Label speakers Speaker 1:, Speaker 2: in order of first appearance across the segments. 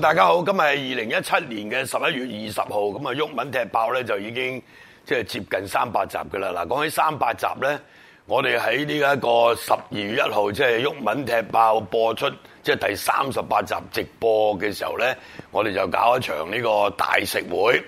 Speaker 1: 大家好，今日係二零一七年嘅十一月二十號，咁啊毓民踢爆咧就已經即係接近三百集嘅啦。嗱，講起三百集咧，我哋喺呢一個十二月一號，即係毓民踢爆播出即係第三十八集直播嘅時候咧，我哋就搞一場呢個大食會。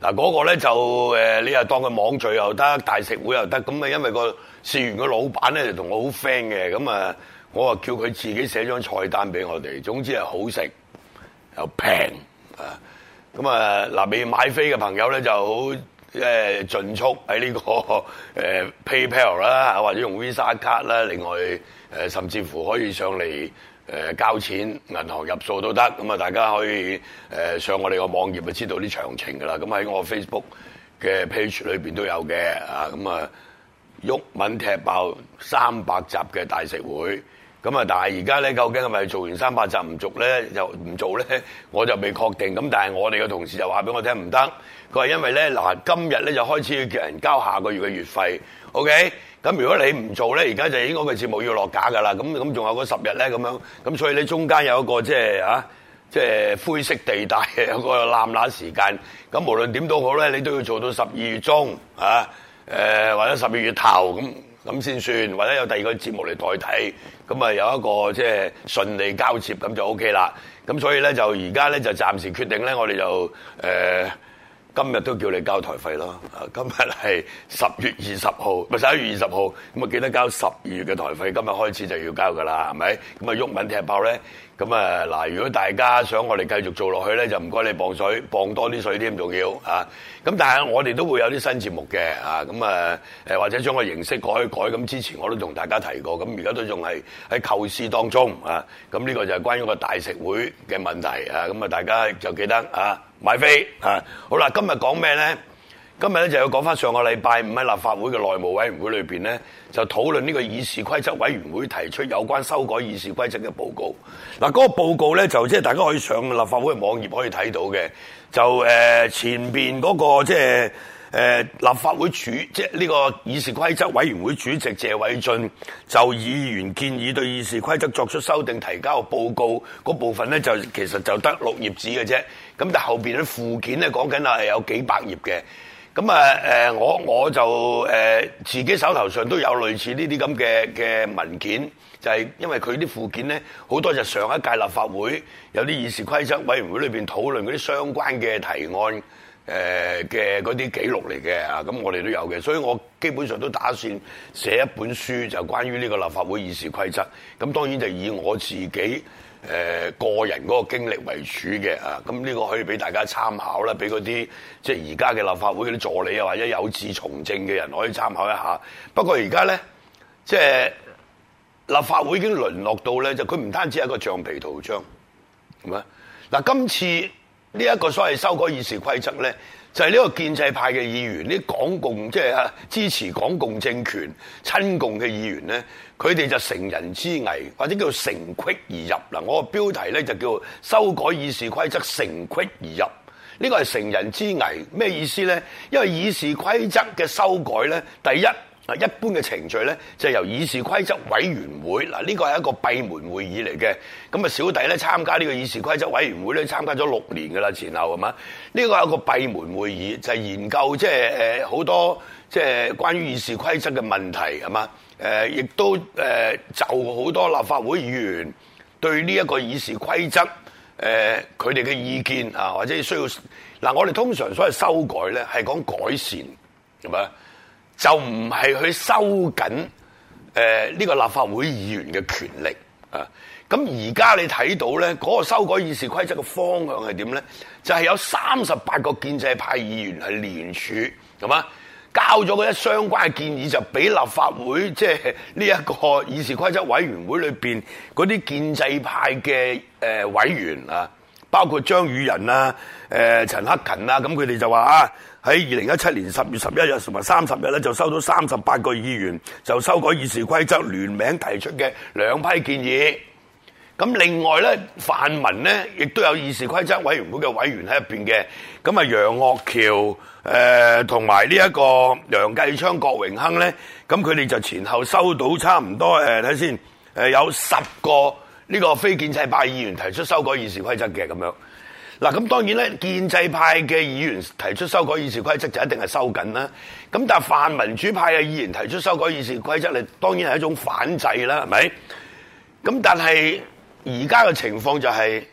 Speaker 1: 嗱，嗰個咧就誒，你又當佢網聚又得，大食會又得。咁啊，因為、嗰個試完個老闆咧就同我好 friend 嘅，咁啊，我啊叫佢自己寫張菜單俾我哋。總之係好食。又平啊！咁啊嗱，你要買飛嘅朋友咧就好誒、啊，盡速喺呢、這個誒、啊、PayPal 啦、啊，或者用 Visa 卡啦、啊，另外誒、啊、甚至乎可以上嚟誒、啊、交錢，銀行入數都得。咁啊，大家可以誒、啊、上我哋個網頁就知道啲詳情㗎啦。咁、啊、喺我 Facebook 嘅 page 裏邊都有嘅啊。咁啊，毓民踢爆三百集嘅大食會。咁啊！但係而家咧，究竟係咪做完三百集唔續咧，又唔做咧？我就未確定。咁但係我哋嘅同事就話俾我聽唔得，佢話因為咧嗱，今日咧就開始要叫人交下個月嘅月費。OK，咁如果你唔做咧，而家就應該個節目要落架㗎啦。咁咁仲有嗰十日咧，咁樣咁，所以你中間有一個即係啊，即係灰色地帶有一個攬攬時間。咁無論點都好咧，你都要做到十二月中啊，誒或者十二月頭咁。咁先算，或者有第二個節目嚟代替，咁啊有一個即係順利交接，咁就 OK 啦。咁所以咧就而家咧就暫時決定咧，我哋就誒。今日都叫你交台費咯，啊！今日係十月二十號，咪十一月二十號，咁啊記得交十二月嘅台費，今日開始就要交噶啦，係咪？咁啊，毓民踢爆咧，咁啊嗱，如果大家想我哋繼續做落去咧，就唔該你磅水，磅多啲水添，仲要啊！咁但係我哋都會有啲新節目嘅，啊咁啊誒或者將個形式改一改。咁之前我都同大家提過，咁而家都仲係喺構思當中啊。咁、這、呢個就係關於個大食會嘅問題啊。咁啊，大家就記得啊。買飛啊！好啦，今日講咩咧？今日咧就要講翻上個禮拜五喺立法會嘅內務委員會裏邊咧，就討論呢個議事規則委員會提出有關修改議事規則嘅報告。嗱，嗰個報告咧就即係大家可以上立法會嘅網頁可以睇到嘅，就誒前邊嗰個即係。就是誒立法會主即係呢個議事規則委員會主席謝偉俊就議員建議對議事規則作出修訂提交嘅報告嗰部分咧，就其實就得六頁紙嘅啫，咁但後邊啲附件咧，講緊係有幾百頁嘅，咁啊我我就誒、呃、自己手頭上都有類似呢啲咁嘅嘅文件，就係、是、因為佢啲附件咧，好多就上一屆立法會有啲議事規則委員會裏邊討論嗰啲相關嘅提案。誒嘅嗰啲記錄嚟嘅啊，咁我哋都有嘅，所以我基本上都打算寫一本書，就關於呢個立法會議事規則。咁當然就以我自己誒、呃、個人嗰個經歷為主嘅啊。咁呢個可以俾大家參考啦，俾嗰啲即係而家嘅立法會嗰啲助理啊，或者有志從政嘅人可以參考一下。不過而家咧，即係立法會已經淪落到咧，就佢唔單止係一個橡皮圖章，係咪？嗱、呃，今次。呢、這、一個所謂修改議事規則呢就係、是、呢個建制派嘅議員，呢港共即係支持港共政權、親共嘅議員呢佢哋就乘人之危，或者叫乘隙而入嗱，我個標題呢就叫修改議事規則乘隙而入。呢、這個係乘人之危咩意思呢？因為議事規則嘅修改呢第一。嗱，一般嘅程序咧，就係由議事規則委員會。嗱呢個係一個閉門會議嚟嘅。咁啊，小弟咧參加呢個議事規則委員會咧，參加咗六年噶啦，前後係嘛？呢個係一個閉門會議，就係研究即係誒好多即係關於議事規則嘅問題係嘛？誒，亦都誒就好多立法會議員對呢一個議事規則誒佢哋嘅意見啊，或者需要。嗱，我哋通常所謂修改咧係講改善係嘛？就唔係去收緊呢個立法會議員嘅權力啊！咁而家你睇到咧，嗰個修改議事規則嘅方向係點咧？就係有三十八個建制派議員係聯署，咁啊交咗嗰啲相關嘅建議就俾立法會，即係呢一個議事規則委員會裏邊嗰啲建制派嘅誒委員啊。包括張宇人、啊、呃、誒陳克勤啊，咁佢哋就話啊，喺二零一七年十月十一日同埋三十日咧，就收到三十八個議員就修改議事規則聯名提出嘅兩批建議。咁另外咧，泛民咧亦都有議事規則委員會嘅委員喺入邊嘅。咁啊，楊岳橋誒同埋呢一個梁繼昌、郭榮鏗咧，咁佢哋就前後收到差唔多誒，睇先誒有十個。呢個非建制派議員提出修改議事規則嘅咁樣，嗱咁當然咧，建制派嘅議員提出修改議事規則就一定係收緊啦。咁但係泛民主派嘅議員提出修改議事規則，你當然係一種反制啦，係咪？咁但係而家嘅情況就係，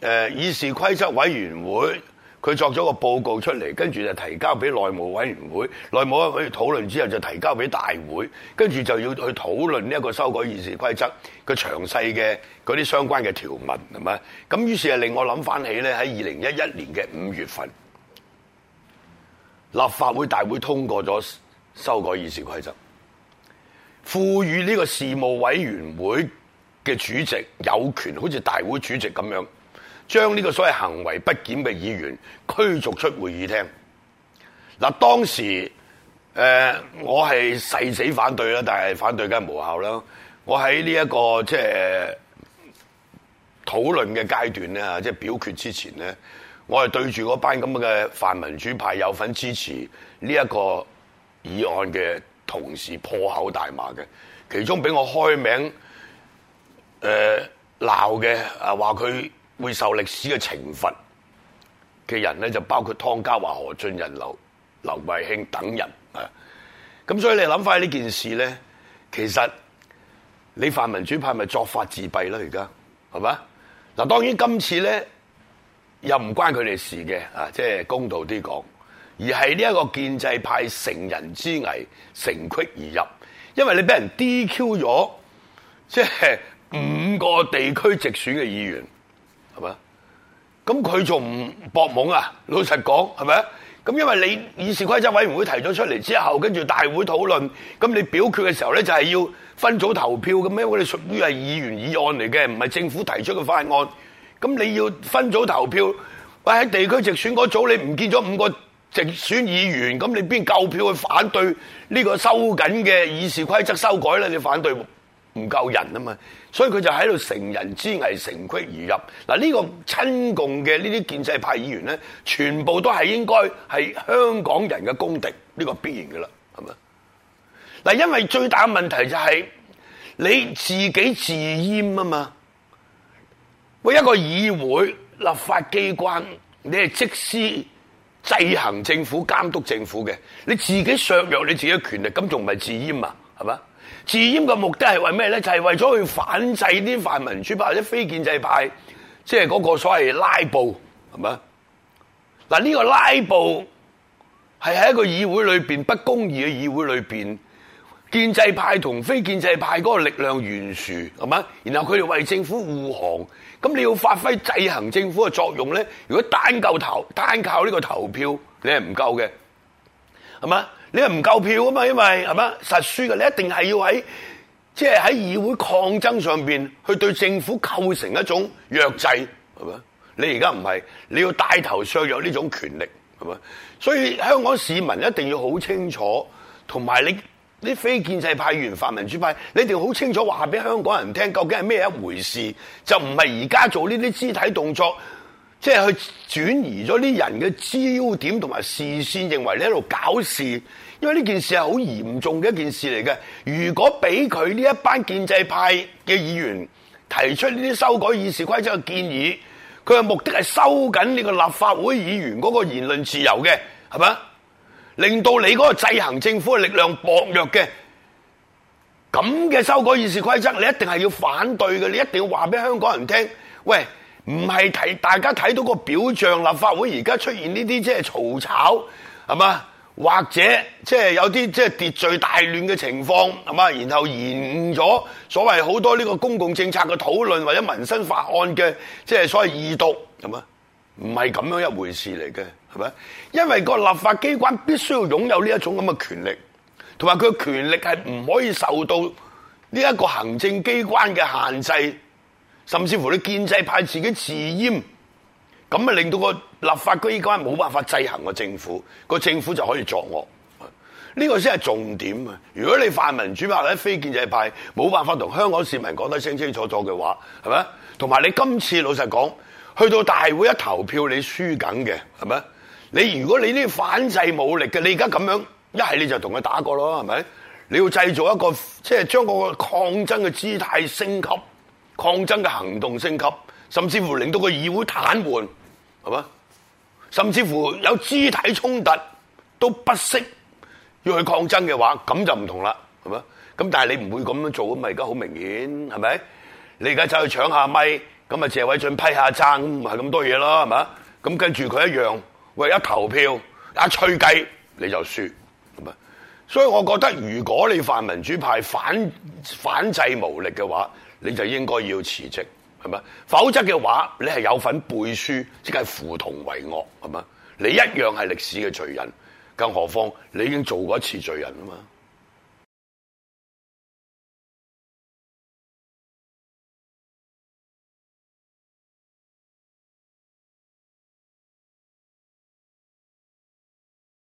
Speaker 1: 誒議事規則委員會。佢作咗個報告出嚟，跟住就提交俾內務委員會，內務委員會討論之後就提交俾大會，跟住就要去討論呢一個修改議事規則嘅詳細嘅嗰啲相關嘅條文係嘛？咁於是啊令我諗翻起咧，喺二零一一年嘅五月份，立法會大會通過咗修改議事規則，賦予呢個事務委員會嘅主席有權好似大會主席咁樣。將呢個所謂行為不檢嘅議員驅逐出會議廳。嗱，當時誒、呃，我係誓死反對啦，但係反對梗係無效啦、這個。我喺呢一個即係討論嘅階段咧，吓，即係表決之前咧，我係對住嗰班咁嘅泛民主派有份支持呢一個議案嘅同事破口大罵嘅，其中俾我開名誒鬧嘅啊，話、呃、佢。會受歷史嘅懲罰嘅人咧，就包括湯家華、何俊仁、劉劉慧卿等人啊。咁所以你諗翻呢件事咧，其實你泛民主派咪作法自斃啦？而家係咪？嗱，當然今次咧又唔關佢哋事嘅啊，即係公道啲講，而係呢一個建制派乘人之危，乘隙而入，因為你俾人 DQ 咗，即係五個地區直選嘅議員。係咪啊？咁佢仲唔搏懵啊？老實講，係咪啊？咁因為你議事規則委員會提咗出嚟之後，跟住大會討論，咁你表決嘅時候咧，就係要分組投票咁樣。我哋屬於係議員議案嚟嘅，唔係政府提出嘅法案。咁你要分組投票，喂，喺地區直選嗰組你唔見咗五個直選議員，咁你邊夠票去反對呢個收緊嘅議事規則修改咧？你反對？唔夠人啊嘛，所以佢就喺度乘人之危，乘隙而入。嗱，呢個親共嘅，呢啲建制派議員咧，全部都係應該係香港人嘅公敵，呢個必然噶啦，係咪？嗱，因為最大問題就係你自己自閹啊嘛。喂，一個議會立法機關，你係即施制衡政府、監督政府嘅，你自己削弱你自己嘅權力，咁仲唔係自閹啊？係嘛？自閹嘅目的係為咩咧？就係、是、為咗去反制啲泛民主派或者非建制派，即係嗰個所謂拉布，係嘛？嗱，呢個拉布係喺一個議會裏邊不公義嘅議會裏邊，建制派同非建制派嗰個力量懸殊，係嘛？然後佢哋為政府護航，咁你要發揮制衡政府嘅作用咧？如果單靠投，單靠呢個投票，你係唔夠嘅，係嘛？你係唔夠票啊嘛，因為係咪啊？實輸嘅，你一定係要喺即係喺議會抗爭上邊去對政府構成一種弱制，係咪？你而家唔係，你要帶頭削弱呢種權力，係咪？所以香港市民一定要好清楚，同埋你啲非建制派員、原泛民主派，你一定要好清楚話俾香港人聽，究竟係咩一回事？就唔係而家做呢啲肢體動作，即係去轉移咗啲人嘅焦點同埋視線，認為你喺度搞事。因為呢件事係好嚴重嘅一件事嚟嘅，如果俾佢呢一班建制派嘅議員提出呢啲修改議事規則嘅建議，佢嘅目的係收緊呢個立法會議員嗰個言論自由嘅，係咪？令到你嗰個制衡政府嘅力量薄弱嘅，咁嘅修改議事規則，你一定係要反對嘅，你一定要話俾香港人聽，喂，唔係睇大家睇到個表象，立法會而家出現呢啲即係嘈吵，係嘛？或者即係有啲即係秩序大亂嘅情況，係嘛？然後延誤咗所謂好多呢個公共政策嘅討論或者民生法案嘅即係所謂二讀，係嘛？唔係咁樣一回事嚟嘅，係咪？因為個立法機關必須要擁有呢一種咁嘅權力，同埋佢嘅權力係唔可以受到呢一個行政機關嘅限制，甚至乎你建制派自己自閹。咁咪令到個立法機關冇辦法制衡個政府，個政府就可以作惡，呢個先係重點啊！如果你泛民主派、或者非建制派冇辦法同香港市民講得清清楚楚嘅話，係咪？同埋你今次老實講，去到大會一投票你輸緊嘅，係咪？你如果你呢啲反制武力嘅，你而家咁樣一係你就同佢打過咯，係咪？你要製造一個即係將個抗爭嘅姿態升級，抗爭嘅行動升級，甚至乎令到個議會癱瘓。係嘛？甚至乎有肢體衝突都不惜要去抗爭嘅話，咁就唔同啦，係嘛？咁但係你唔會咁樣做，咪而家好明顯，係咪？你而家走去搶下咪，咁咪謝偉俊批下爭，唔係咁多嘢咯，係嘛？咁跟住佢一樣，喂一投票一吹雞你就輸，咁啊？所以我覺得如果你泛民主派反反制無力嘅話，你就應該要辭職。係嘛？否則嘅話，你係有份背書，即係扶同為惡，係嘛？你一樣係歷史嘅罪人，更何況你已經做過一次罪人啦嘛。